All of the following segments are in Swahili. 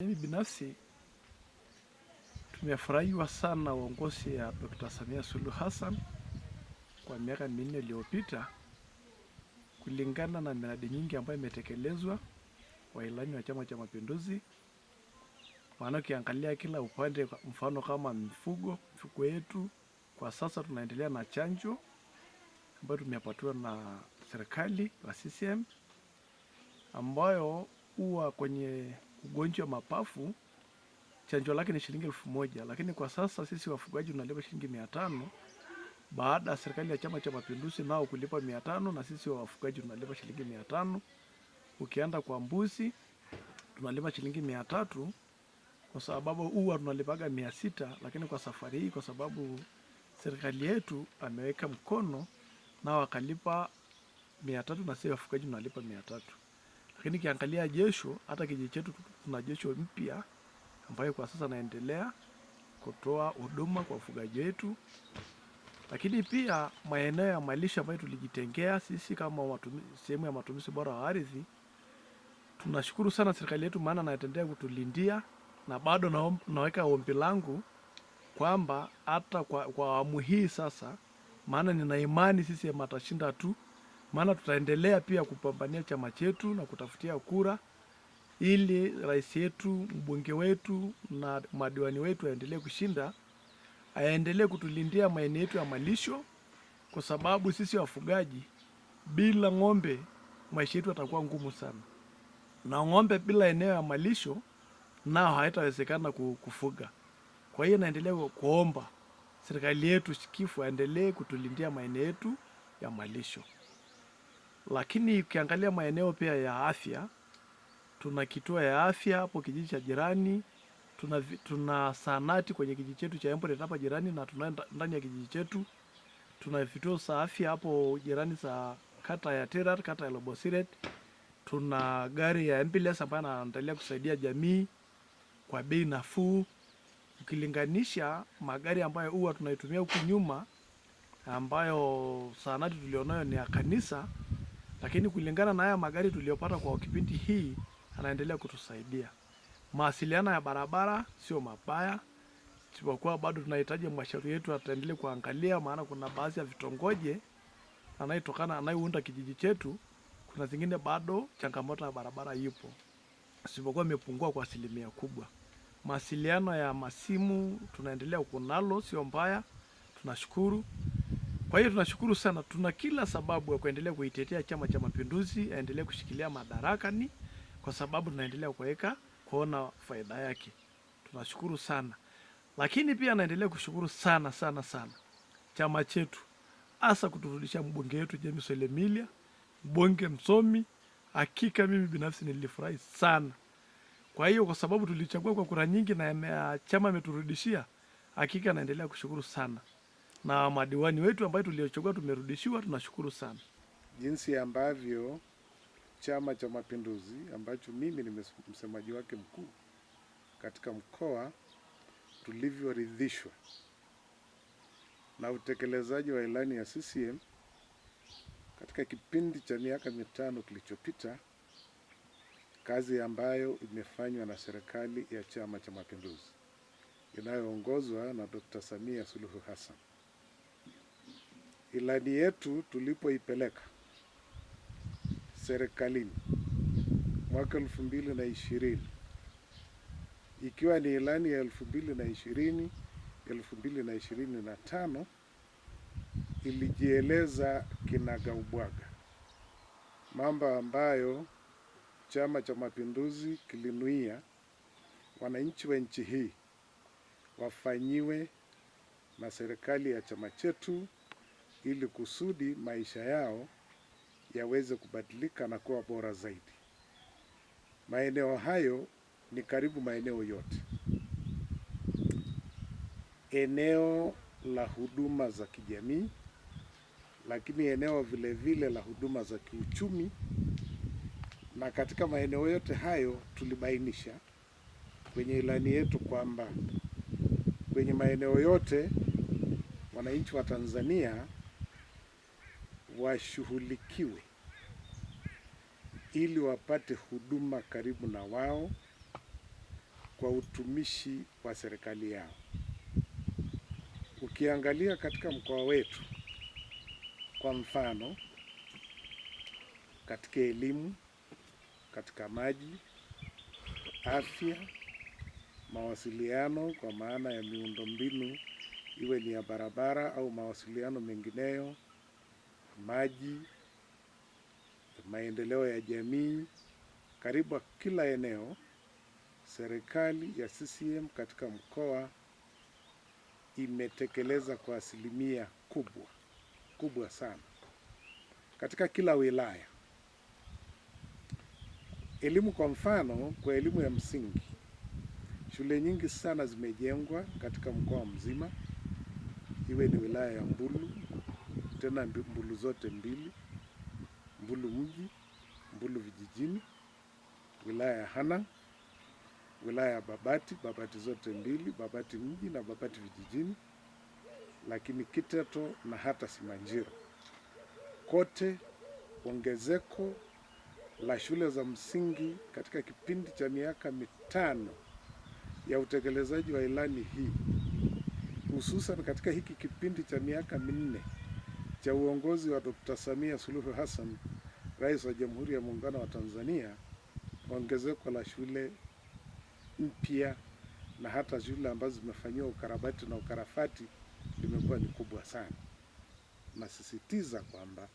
Mimi binafsi tumefurahiwa sana uongozi ya Dr. Samia Suluhu Hassan kwa miaka minne iliyopita kulingana na miradi nyingi ambayo imetekelezwa kwa ilani ya Chama cha Mapinduzi. Maana ukiangalia kila upande, mfano kama mifugo, mifugo yetu kwa sasa tunaendelea na chanjo ambayo tumepatiwa na serikali wa CCM ambayo huwa kwenye ugonjwa mapafu chanjo lake ni shilingi elfu moja lakini kwa sasa sisi wafugaji tunalipa shilingi mia tano baada ya serikali ya Chama cha Mapinduzi nao kulipa mia tano na sisi wafugaji tunalipa shilingi mia tano Ukienda kwa mbuzi tunalipa shilingi mia tatu kwa sababu huwa tunalipaga mia sita lakini kwa safari hii kwa sababu serikali yetu ameweka mkono nao akalipa mia tatu na sisi wafugaji tunalipa mia tatu. Lakini kiangalia jesho, hata kijiji chetu tuna jesho mpya ambayo kwa sasa naendelea kutoa huduma kwa wafugaji wetu, lakini pia maeneo ya malisho ambayo tulijitengea sisi kama sehemu ya matumizi bora wa ardhi. Tunashukuru sana serikali yetu, maana naendelea kutulindia, na bado na, naweka ombi langu kwamba hata kwa awamu hii sasa, maana nina imani sisi matashinda tu maana tutaendelea pia kupambania chama chetu na kutafutia kura ili rais yetu, mbunge wetu na madiwani wetu aendelee kushinda, aendelee kutulindia maeneo yetu ya malisho, kwa sababu sisi wafugaji, bila ng'ombe maisha yetu yatakuwa ngumu sana, na ng'ombe bila eneo ya malisho nao haitawezekana kufuga. Kwa hiyo naendelea kuomba serikali yetu shikifu aendelee kutulindia maeneo yetu ya malisho. Lakini ukiangalia maeneo pia ya afya, tuna kituo ya afya hapo kijiji cha jirani, tuna, tuna sanati kwenye kijiji chetu cha Emboret hapa jirani na tuna ndani ya kijiji chetu tuna vituo za afya hapo jirani za kata ya Terar, kata ya Lobosiret. Tuna gari ya ambulance ambayo anaendelea kusaidia jamii kwa bei nafuu ukilinganisha magari ambayo huwa tunaitumia huku nyuma ambayo sanati tulionayo ni ya kanisa lakini kulingana na haya magari tuliyopata kwa kipindi hii anaendelea kutusaidia. Mawasiliano ya barabara sio mabaya, isipokuwa bado tunahitaji mashauri yetu ataendelea kuangalia, maana kuna baadhi ya vitongoje anayetokana anayeunda kijiji chetu, kuna zingine bado changamoto ya barabara ipo, sipokuwa imepungua kwa asilimia kubwa. Mawasiliano ya masimu tunaendelea kunalo, sio mbaya, tunashukuru. Kwa hiyo tunashukuru sana, tuna kila sababu ya kuendelea kuitetea Chama cha Mapinduzi aendelee kushikilia madarakani, kwa sababu tunaendelea kuweka kuona faida yake. Tunashukuru sana, lakini pia naendelea kushukuru sana sana sana chama chetu, hasa kuturudisha mbunge wetu James Ole Emilia, mbunge msomi. Hakika mimi binafsi nilifurahi sana kwa hiyo, kwa sababu tulichagua kwa kura nyingi na chama ameturudishia Hakika naendelea kushukuru sana na madiwani wetu ambayo tuliochagua tumerudishiwa, tunashukuru sana jinsi ambavyo Chama cha Mapinduzi ambacho mimi ni msemaji wake mkuu katika mkoa tulivyoridhishwa na utekelezaji wa ilani ya CCM katika kipindi cha miaka mitano kilichopita, kazi ambayo imefanywa na serikali ya Chama cha Mapinduzi inayoongozwa na Dr. Samia Suluhu Hassan ilani yetu tulipoipeleka serikalini mwaka elfu mbili na ishirini ikiwa ni ilani ya elfu mbili na ishirini elfu mbili na ishirini na tano ilijieleza kinagaubwaga mambo ambayo Chama cha Mapinduzi kilinuia wananchi wa nchi hii wafanyiwe na serikali ya chama chetu ili kusudi maisha yao yaweze kubadilika na kuwa bora zaidi. Maeneo hayo ni karibu maeneo yote. Eneo la huduma za kijamii, lakini eneo vile vile la huduma za kiuchumi. Na katika maeneo yote hayo tulibainisha kwenye ilani yetu kwamba kwenye maeneo yote wananchi wa Tanzania washughulikiwe ili wapate huduma karibu na wao kwa utumishi wa serikali yao. Ukiangalia katika mkoa wetu, kwa mfano, katika elimu, katika maji, afya, mawasiliano kwa maana ya miundombinu iwe ni ya barabara au mawasiliano mengineyo maji, maendeleo ya jamii. Karibu kila eneo, serikali ya CCM katika mkoa imetekeleza kwa asilimia kubwa kubwa sana katika kila wilaya. Elimu kwa mfano, kwa elimu ya msingi, shule nyingi sana zimejengwa katika mkoa mzima, iwe ni wilaya ya Mbulu tena Mbulu zote mbili, Mbulu mji, Mbulu vijijini, wilaya ya Hanang, wilaya ya Babati, Babati zote mbili, Babati mji na Babati vijijini, lakini Kiteto na hata Simanjiro. Kote ongezeko la shule za msingi katika kipindi cha miaka mitano ya utekelezaji wa ilani hii, hususan katika hiki kipindi cha miaka minne cha uongozi wa Dr. Samia Suluhu Hassan, Rais wa Jamhuri ya Muungano wa Tanzania, ongezeko la shule mpya na hata shule ambazo zimefanyiwa ukarabati na ukarafati limekuwa ni kubwa sana. Nasisitiza kwamba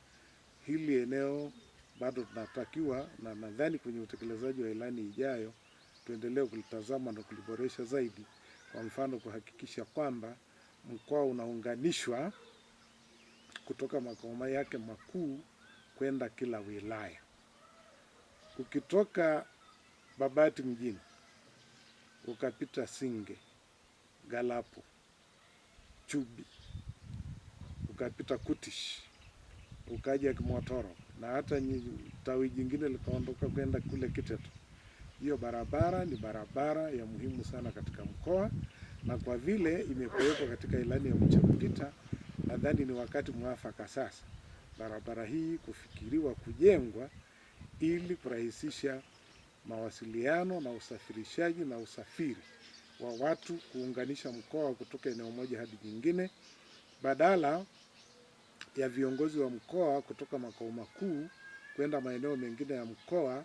hili eneo bado tunatakiwa, na nadhani kwenye utekelezaji wa ilani ijayo tuendelee kulitazama na kuliboresha zaidi, kwa mfano kuhakikisha kwamba mkoa unaunganishwa kutoka makao yake makuu kwenda kila wilaya. Ukitoka Babati mjini ukapita Singe, Galapo, Chubi, ukapita Kutish, ukaja Kimotoro na hata tawi jingine likaondoka kwenda kule Kiteto. Hiyo barabara ni barabara ya muhimu sana katika mkoa, na kwa vile imekuwepo katika ilani ya Mchakupita nadhani ni wakati mwafaka sasa barabara hii kufikiriwa kujengwa ili kurahisisha mawasiliano na usafirishaji na usafiri wa watu kuunganisha mkoa kutoka eneo moja hadi jingine, badala ya viongozi wa mkoa kutoka makao makuu kwenda maeneo mengine ya mkoa.